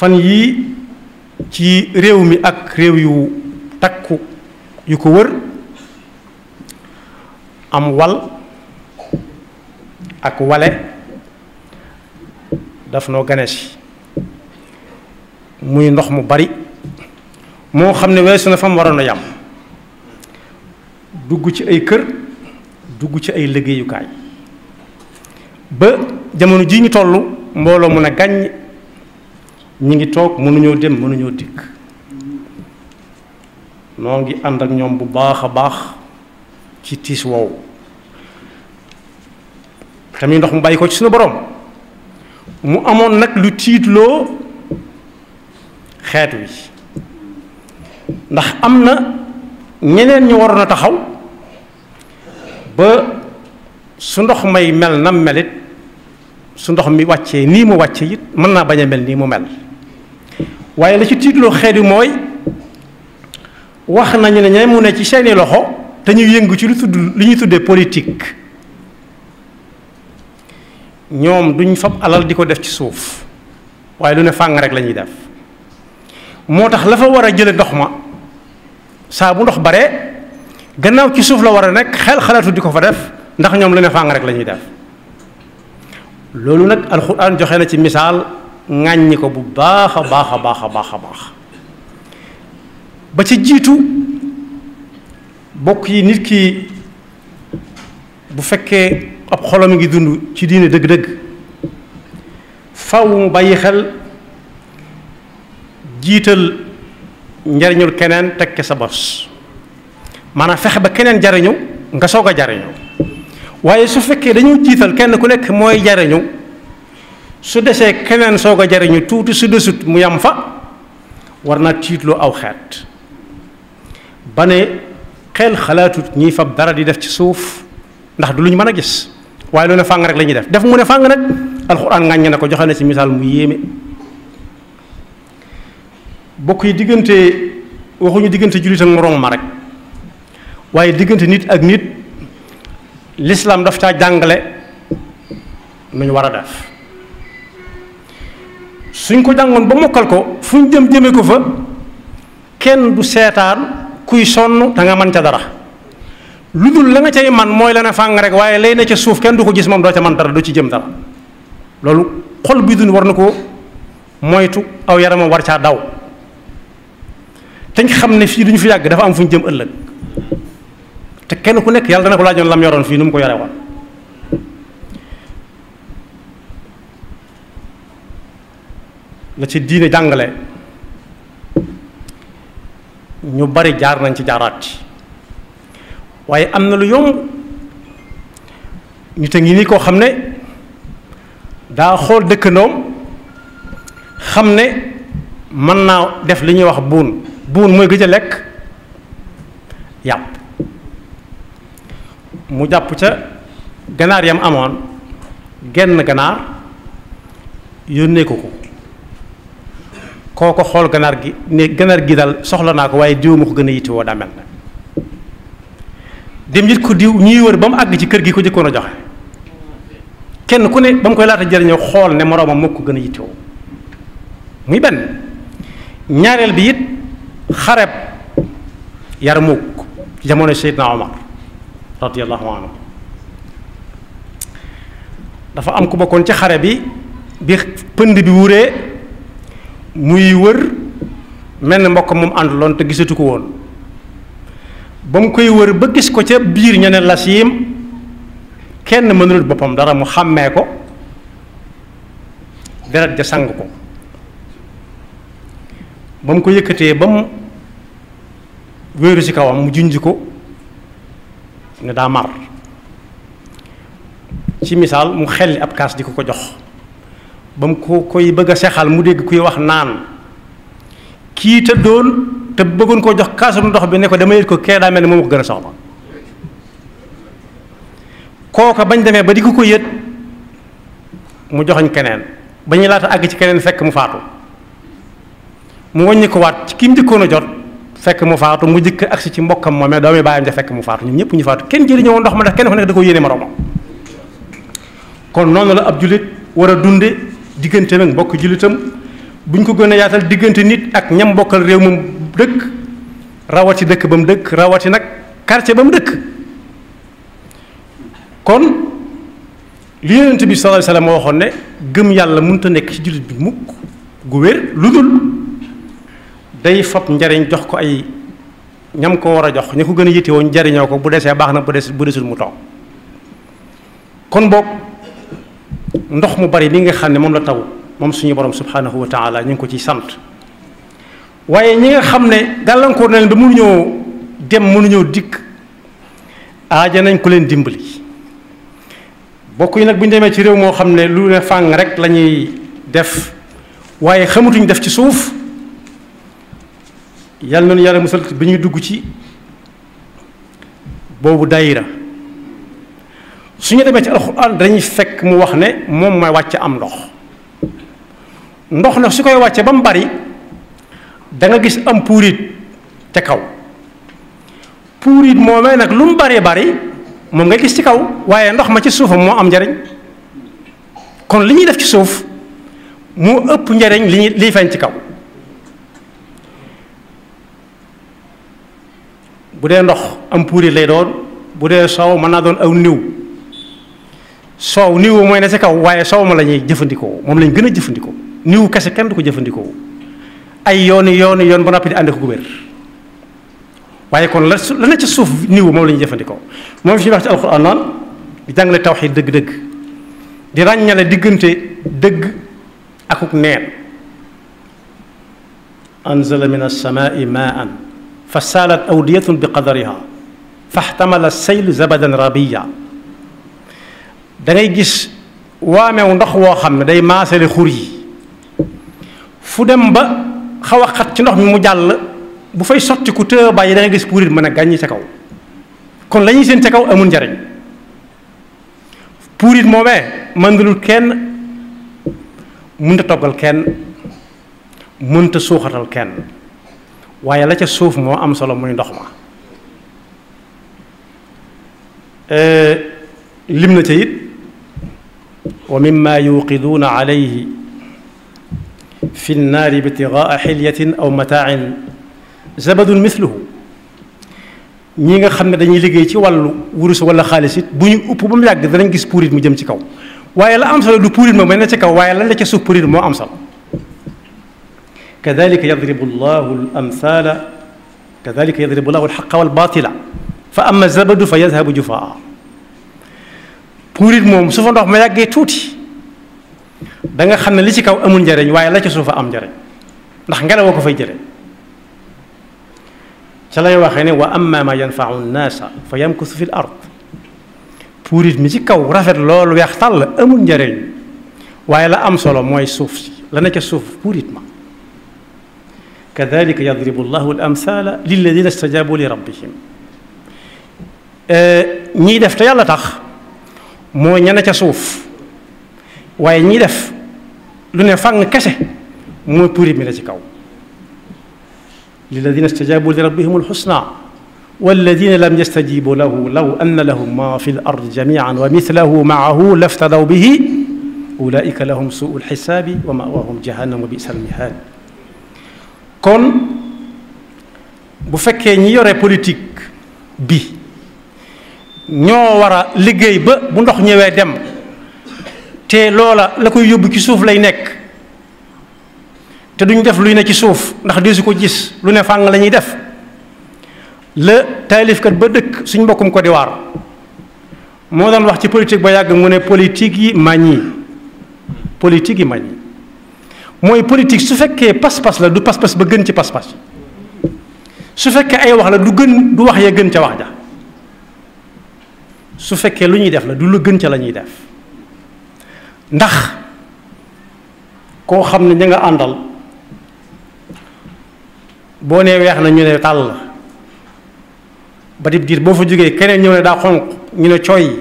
fan yii ci réew mi ak réew yu takku yu ko wër am wal ak wale daf noo gane muy ndox mu bari moo xam ne weesu na fa mu waroon a yam dugg ci ay kër dugg ci ay liggéeyukaay ba jamono ji ñu toll mbooloo mun a gàññ ñi ngi toog mënuñoo dem mënuñoo dikk moo ngi ànd ak ñoom bu baax a baax ci tiis woowu tamit ndox mu bàyyi ko ci suñu borom mu amoon nag lu tiitloo xeet wi ndax am na ñeneen ñu waroon a taxaw ba su ndox may mel na melit su ndox mi wàccee nii mu wàcce it mën naa bañ a mel nii mu mel waaye la ci tiitloo xeet mooy wax nañu ne ña ne ci seeni loxo te ñu yëngu ci lu tudd lu ñuy tuddee politique ñoom duñ fab alal di ko def ci suuf waaye lu ne fàng rek la ñuy def moo tax la fa war a jële ndox ma saa bu ndox bare gannaaw ci suuf la war a nekk xel xalaatu di ko fa def ndax ñoom lu ne fàng rek lañuy ñuy def loolu nag alxuraan joxe na ci misaal ŋàññi ko bu baax a baax a baax a baax a baax ba ci jiitu bokk yi nit ki bu fekkee ab a ngi dund ci diine dëgg-dëgg faw mu bàyyi xel jiital njariñul keneen tekke sa bos maanaam fexe ba keneen jariñu nga soog a jariñu waaye su fekkee dañuy jiital kenn ku nekk mooy jariñu su desee keneen soog a jariñu tuuti su desut mu yam fa war naa tiitloo aw xeet ba ne xel xalaatut ñiy fab dara di def ci suuf ndax du lu ñu mën a gis waaye lu ne fàng rek la ñuy def def mu ne fàng nag alxuraan ŋàññ na ko joxe na ci misaal mu yéeme bokk yi diggante waxuñu diggante jullit ak moroom ma rek waaye diggante nit ak nit lislaam daf caa jàngale nu ñu war a def suñ ko jàngoon ba mokkal ko fu ñu jëm jëme ko fa kenn du seetaan kuy sonn danga nga mën ca dara lu dul la nga cay man mooy la ne fàng rek waaye lay ne ca suuf kenn du ko gis moom doo ca man dara du ci jëm dara loolu xol bi dund war na ko moytu aw yaramam war caa daw te xam ne fii du ñu fi yàgg dafa am fu ñu jëm ëllëg te kenn ku nekk yàlla dana ko laajoon lam yoroon fii nu mu ko yore woon la ci diine jàngale ñu bari jaar nañ ci jaaraat waaye am na lu yomb ñu te ngi nii koo xam ne daa xool dëkkandoom xam ne mën naa def li ñuy wax buun buun mooy gëj a lekk yàpp mu jàpp ca ganaar yam amoon genn ganaar yónnee ko ko kooko xool ganaar gi ne ganaar gi dal soxla naa ko waaye diw ma ko gën a yittewoo daa mel dem it ko diw ñuy wër ba mu àgg ci kër gi ko jëkkoon a joxe kenn ku ne ba mu koy laata jëriñoo xool ne moroomam moo ko gën a yittewoo muy benn ñaareel bi it xareb Yarmuk jamono Seydina Omar radiyallahu anhu dafa am ku bokkoon ci xare bi bi pënd bi wuree muy wër mel ne mbokk moom ànduloon te gisatu ko woon ba mu koy wër ba gis ko ca biir ñeneen la lasiim kenn mënul boppam dara mu xàmmee ko deret ja sang ko ba mu ko yëkkatee ba mu wéeru ci kawam mu junj ko ne daa mar ci misaal mu xelli ab kaas di ko ko jox ba mu ko koy bëgg a sexal mu dégg kuy wax naan kii te doon te bëggoon koo jox kaasum ndox bi ne ko dama yët ko kee daa mel ne moom ko gën a soxla kooka bañ demee ba di ko ko yët mu joxoñ keneen ba ñu laata àgg ci keneen fekk mu faatu mu wàññi ko waat ci a jot fekk mu faatu mu jëkk agsi ci mbokkam moomee doomi baayam ja fekk mu faatu ñun ñëpp ñu faatu kenn jëriñu woon ndox ma ndax kenn ku nekk da ko yéene moroomam kon noonu la ab jullit war a dunde diggante nag mbokk jullitam bu ñu ko gën a yaatal diggante nit ak ñam mbokkal réew moom dëkk rawati dëkk ba mu dëkk rawati nag quartier ba mu dëkk kon li bi sallallahu alayhi waxoon ne gëm yàlla mënut nekk ci jullit bi mukk gu wér lu dul day njariñ jox ko ay ñam ko war a jox ña ko gën a yitte woon jariñoo ko bu desee baax na bu des bu mu toog ndox mu bari li nga xam ne moom la taw moom suñu borom subhanahu wa taala ñu ngi ko ci sant waaye ñi nga xam ne gàllankoor na leen ba mënuñoo dem mënuñoo dikk aaja nañ ko leen dimbali bokk yi nag bu ñu demee ci réew moo xam ne lu ne fànn rek lañuy def waaye xamatuñ def ci suuf yàlla nañu yàlla musal bi ñuy dugg ci boobu dayira su ñu demee ci alxuraan dañuy fekk mu wax ne moom mooy wàcce am ndox ndox nag su koy wàcce ba mu bari danga gis am puurit ca kaw puurit moomee nag lu mu baree bari moom nga gis ci kaw waaye ndox ma ci suufam moo am njariñ kon li ñuy def ci suuf mu ëpp njariñ li ñuy liy feeñ ci kaw bu dee ndox am puurit lay doon bu dee soow mën naa doon aw niw soow niwu mooy ne ci kaw waaye soow ma la ñuy jëfandikoo moom lañ gën a jëfandikoo niwu kese kenn du ko jëfandikoo ay yoon yooni yoon ba noppi di ànd ko gubéer waaye kon la la ci suuf niwu moom la ñuy jëfandikoo moom fi ñuy wax ci alxuraan naan di jàngale tawxiid dëgg-dëgg di ràññale diggante dëgg akuk neen anzala min alsamaai maan fa saalat awdiyatun bi qadariha fa xtamala sayl zabadan rabiya dangay ngay gis waamew ndox woo xam ne day maasale xur yi fu dem ba xaw a xat ci ndox mi mu jàll bu fay sotti ku tëë bàyyi da ngay gis puurit mën a gàññi ca kaw kon lañuy ñuy seen ca kaw amul njariñ puurit moomee mëndalul kenn mënta toggal kenn mënta suuxatal kenn waaye la ca suuf moo am solo muy ndox ma lim na ca it wa mimma yuqiduuna alayhi fi nnaari btigaa xilyatin aw mataacin zabadun misluhu ñi nga xam ne dañuy liggéey ci wàllu wurus wala xaalis it bu ñu upp ba mu yàgg danañ gis puurit mu jëm ci kaw waaye la am solo du puurit ma mel na ci kaw waaye lan la ca suuf puurit moo am solo kadalika yadribu llahu al amthala kadalika yadribu llahu alxaqa walbatila fa ama zabadu fa yadhabu jufaa murit moom su fa ndox ma yàggee tuuti danga nga xam ne li ci kaw amul njariñ waaye la ci suufa am njariñ ndax ngelaw a ko fay jële ca lay waxee ne wa amma ma yanfau nnaasa fa yamkusu fi l ard puurit mi ci kaw rafet loolu weex tàll amul njariñ waaye la am solo mooy suuf si la na ca suuf puurit ma kadalika yadribu llahu al amthala lilladina stajabu li rabbihim ñiy def te yàlla tax moo ñene ca suuf waaye ñi def lu ne fàng kese mooy puri mi la ci kaw lilladina la li rabbihim alxusna walladina lam yastajibu lahu law anna lahum ma fi l ard jamian wa mithlahu maahu laftadaw bihi ulaika lahum suu lxisaabi wa mawahum jahannam wa bisa almihaad kon bu fekkee ñi yore politique bi ñoo war a liggéey ba bu ndox ñëwee dem te loola la koy yóbbu ci suuf lay nekk te duñ def luy ne ci suuf ndax deesu ko jis lu ne fàng la ñuy def la taalifkat ba dëkk suñ mbokkum ko di waar moo doon wax ci politique ba yàgg mu ne politique yi màññi politique yi màññi mooy politique su fekkee pas-pas la du pas-pas ba gën ci pas-pas su fekkee ay wax la du gën du wax yee gën ca wax ja su fekkee lu ñuy def la du lu gën ca lañuy def ndax koo xam ne ña nga àndal boo nee weex na ñu ne tàll la ba boo fa jógee keneen ñëw ne daa xonq ñu ne cooy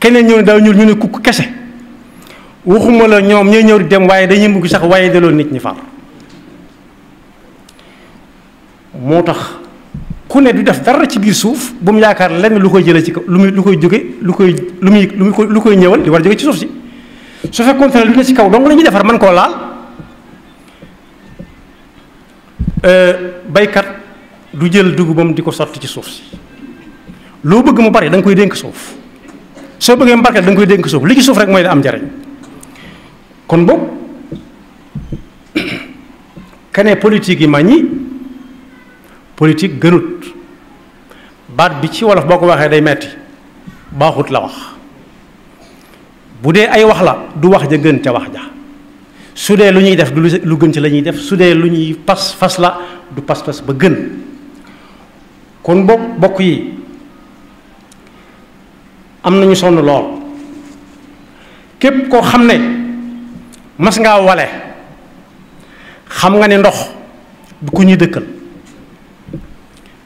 keneen ñëw ne daa ñuul ñu ne kukk kese waxuma la ñoom ñooy ñëw di dem waaye dañuy mugg sax waaye delloo nit ñi far moo tax ku ne du def dara ci biir suuf bu mu yaakaar lenn lu koy jëlee ci kaw lu muy lu koy jóge lu koy lu muy lu ko lu koy ñëwal di war jóge ci suuf si su fekkoon ne lu ne ci kaw dong la ñuy defar mën koo laal euh, baykat du jël dugubam di ko sotti ci suuf si loo bëgg mu bari da koy dénk suuf soo bëggee mu barkeel da koy dénk suuf li ci suuf rek mooy da am njariñ kon boog kene politique yi ma politique gënut baat bi ci wolof boo ko waxee day metti baaxut la wax bu dee ay wax la du wax ja gën ca wax ja su dee lu ñuy def du lu gën ci la ñuy def su dee lu ñuy pas fas la du pas-pas ba gën kon bokk bokk yi am nañu sonn lool képp koo xam ne mas ngaa wale xam nga ne ndox du ku ñuy dëkkal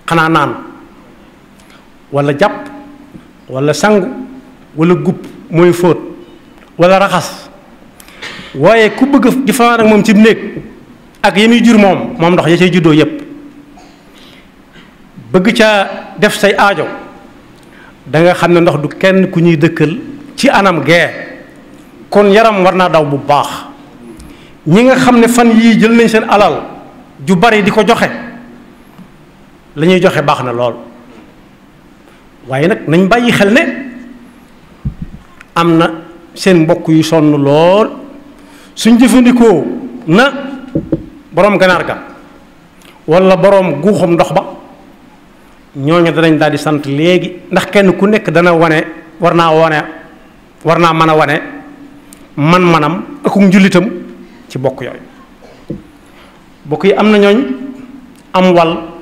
xanaa naan wala jàpp walla sangu wala gupp mooy fóot wala raxas waaye ku bëgg a jëfandikoo ak moom ci néeg ak yi muy jur moom moom ndox ya cay juddoo yépp bëgg ca def say aajo danga xam ne ndox du kenn ku ñuy dëkkal ci anam gee kon yaram war naa daw bu baax ñi nga xam ne fan yii jël nañ seen alal ju bari di ko joxe lañuy joxe baax na lool waaye nag nañ bàyyi xel ne am na seen mbokk yu sonn lool suñ jëfandikoo na boroom ganaar ga walla boroom guuxum ndox ba ñooñu danañ daal di sant léegi ndax kenn ku nekk dana wane war naa wane war naa mën a wane man-manam akum njullitam ci bokk yooyu bokk yi am na ñooñ am wal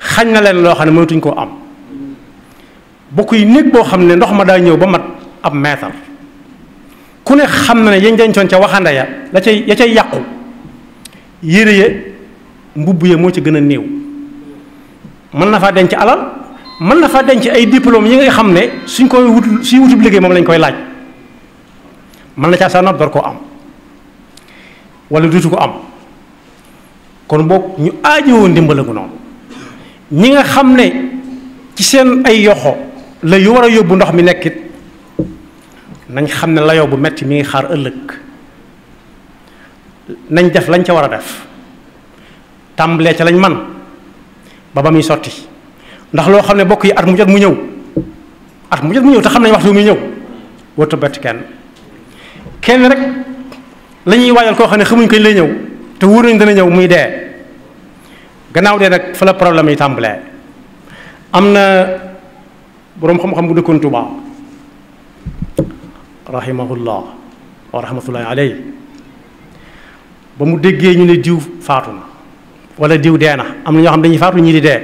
xañ na leen loo xam ne mënatuñ koo am bokk yi néeg boo xam ne ndox ma daa ñëw ba mat ab meetar ku ne xam na ne yañ dencoon ca waxande ya la cay ya cay yàqu yére ya mbubb ya moo ci gën a néew mën na faa denc alal mën na faa denc ay diplôme yi nga xam ne suñ koy wut suy wutub liggéey moom lañ koy laaj mën na caa sa nopp door koo am wala duutu ko am kon boog ñu aajowoo ndimbalagu noonu ñi nga xam ne ci seen ay yoxo la war a yóbbu ndox mi nekkit nañ xam ne layoo bu metti mi ngi xaar ëllëg nañ def lañ ca war a def tàmbalee ca lañ man ba ba muy sotti ndax loo xam ne bokk yi at mu jot mu ñëw at mu jot mu ñëw te xam nañ waxtu muy ñëw wërtu bett kenn kenn rek lañuy ñuy waajal koo xam ne xamuñ koñ lay ñëw te wóor nañ dana ñëw muy dee gannaaw de nag fa la problème yi tàmbalee am na boroom xam-xam bu dëkkoon Tuubaa rahimahullah wa rahmatullahi ba mu déggee ñu ne diw faatu na wala diw dee na am na ñoo xam dañuy faatu ñii di dee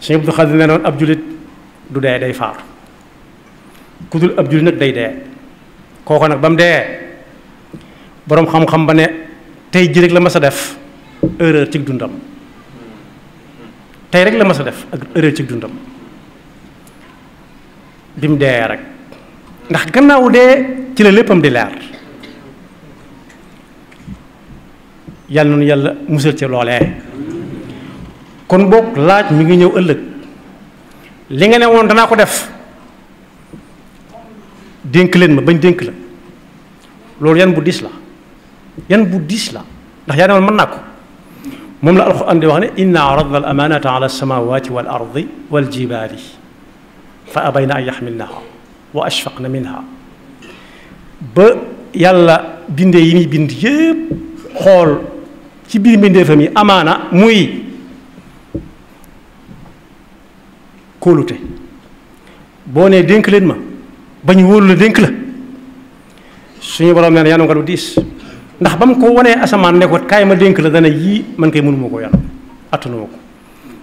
Sëñ Abdou Xaadir ne noon ab julit du dee day faatu ku dul ab julit nag day dee kooko nag ba mu dee boroom xam-xam ba ne tey ji la ma sa def erreur ci dundam tey rek la ma sa def ak erreur ci dundam bi mu dee rek ndax gannaaw dee ci la léppam di leer yàlla noonu yàlla musal ci loolee kon boog laaj mu ngi ñëw ëllëg li nga ne woon danaa ko def dénk leen ma bañ dénk la loolu yan bu diis la yan bu diis la ndax yaa ne mën naa ko moom la alxuraan di wax ne inna aradna al amanata ala alsamawati wal ardi wal jibaali fa abayna an yaxmilnaha wa ashfaqna minha ba yàlla bindee yi muy bind yépp xool ci biir mbindeefam yi amaana muy kóolute boo nee dénk leen ma ba ñu wóolu la dénk la suñu borom nee na yàlla nga lu diis ndax ba mu ko wanee asamaan ne ko kaay ma dénk la dana yii man koy mënuma ko yàlla attanuma ko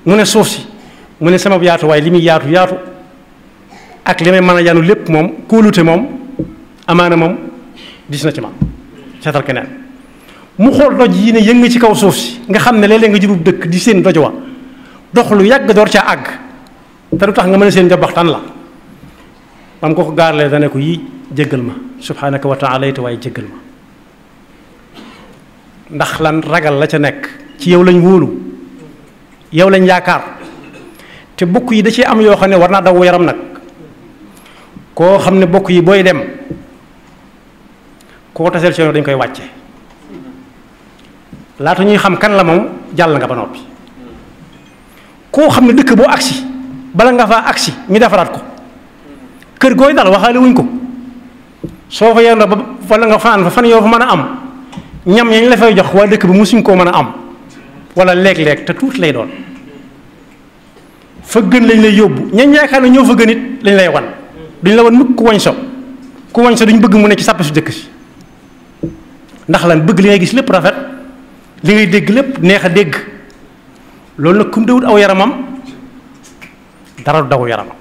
mu ne suuf si mu ne sama yaatu waaye li muy yaatu yaatu ak li may mën a yanu lépp moom kóolute moom amaane moom dis na ci man seetal keneen mu xool doj yi ne yëng ci kaw suuf si nga xam ne léeg-léeg nga jurub dëkk di seen doj wa dox lu yàgg door ca àgg te du tax nga mën a seen njabaxtan la bam ko ko gaarlee dane ko yii jéggal ma subhaanaka wa taalaytu waaye jéggal ma ndax lan ragal la ca nekk ci yow lañ wóolu yow lañ yaakaar te bokk yi da ci am yoo xam ne war naa daw yaram nag koo xam ne bokk yi booy dem koo taseel ci yow dañ koy wàcce laata ñuy xam kan la moom jàll nga ba noppi koo xam ne dëkk boo agsi bala nga fa agsi ñu defaraat ko kër gooy dal waxaale wuñ ko soo fa yendoo ba wala nga fanaan fa fan yoo fa mën a am ñam yañ la fay jox waa dëkk bi mu suñ koo mën a am wala léeg-léeg te tuuti lay doon fa gën lañ lay yóbbu ñañ yaakaar na ñëw fa gën it lañ lay wan duñ la wan mukk ku wañ so ku wañ so bëgg mu ne ci sàppe su dëkk si ndax lan bëgg li ngay gis lépp rafet li ngay dégg lépp neex a dégg loolu nag kum dawut aw yaramam dara du daw yaramam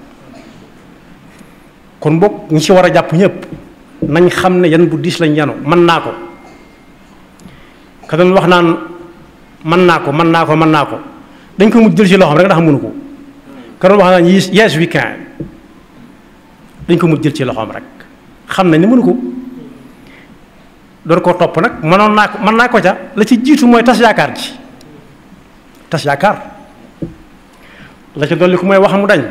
kon boog ñi ci war a jàpp ñëpp nañ xam ne yan bu diis lañ yanu mën naa ko ka doon wax naan mën naa ko mën naa ko mën naa ko dañ ko mujj jël ci loxoom rek ndax mënu ko ka doon wax naan yes we can dañ ko mujj jël ci loxoom rek xam nañ ne mënu ko doon koo topp nag mënoon naa ko mën naa ko ca la ci jiitu mooy tas yaakaar ji tas yaakaar la mooy wax mu dañ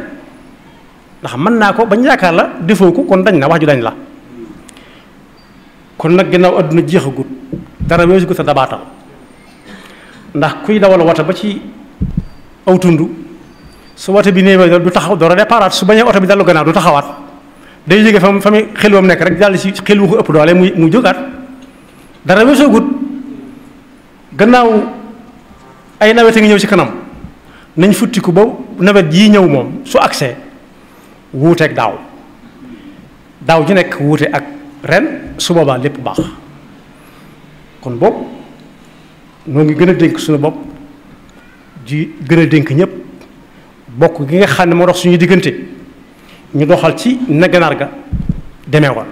ndax mën naa ko bañ yaakaar la defoo ko kon dañ na wax ju dañ la kon nag gannaaw àdduna jeexagut dara weesu ko sa dabaatal ndax kuy dawal wata ba ci aw tund su wata bi néewee du taxaw door su bañee oto bi dallu gannaaw du taxawaat day jóge fa mu fa nekk rek dal si xel wu ko doole muy muy jógaat dara gannaaw ay nawet a ngi ñëw ci kanam nañ futtiku ba nawet yii ñëw moom su agsee wuuteeg daaw daaw ji nekk wuute ak ren su boobaa lépp baax kon boobu noo ngi gën a dénk suñu bopp di gën a dénk ñëpp bokk gi nga xam ne moo dox suñu diggante ñu doxal ci na ganaar ga demee woon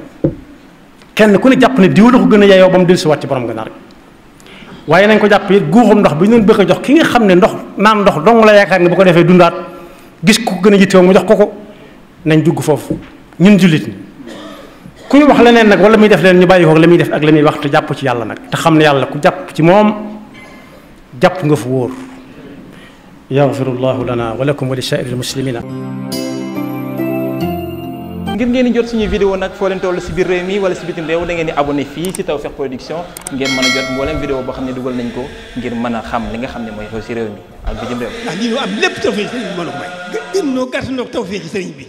kenn ku ne jàpp ne diw la ko gën a yaayoo ba mu dellusiwaat ci borom ganaar ga waaye nañ ko jàpp it guuxum ndox bi ñu leen bëgg a jox ki nga xam ne ndox naan ndox dong la yaakaar ne bu ko defee dundaat gis ko gën a yittewoo mu jox ko ko nañ dugg foofu ñun jullit kuy wax leneen nag wala muy def leen ñu bàyyi ko la muy def ak la muy wax te jàpp ci yàlla nag te xam ne yàlla ku jàpp ci moom jàpp nga fu wóor yaxfirullahu lana wa lakum wa li saa'iril muslimina ngir ngeen di jot suñu vidéo nag foo leen toll si biir réew mi wala si bitim réew ngeen di abonné fii si Tawfekh Production ngeen mën a jot mboolem vidéo boo xam ne dugal nañ ko ngir mën a xam li nga xam ne mooy xew si réew mi ak bitim réew. ndax lii ñu am lépp Tawfekh ci sëriñ ci sëriñ bi.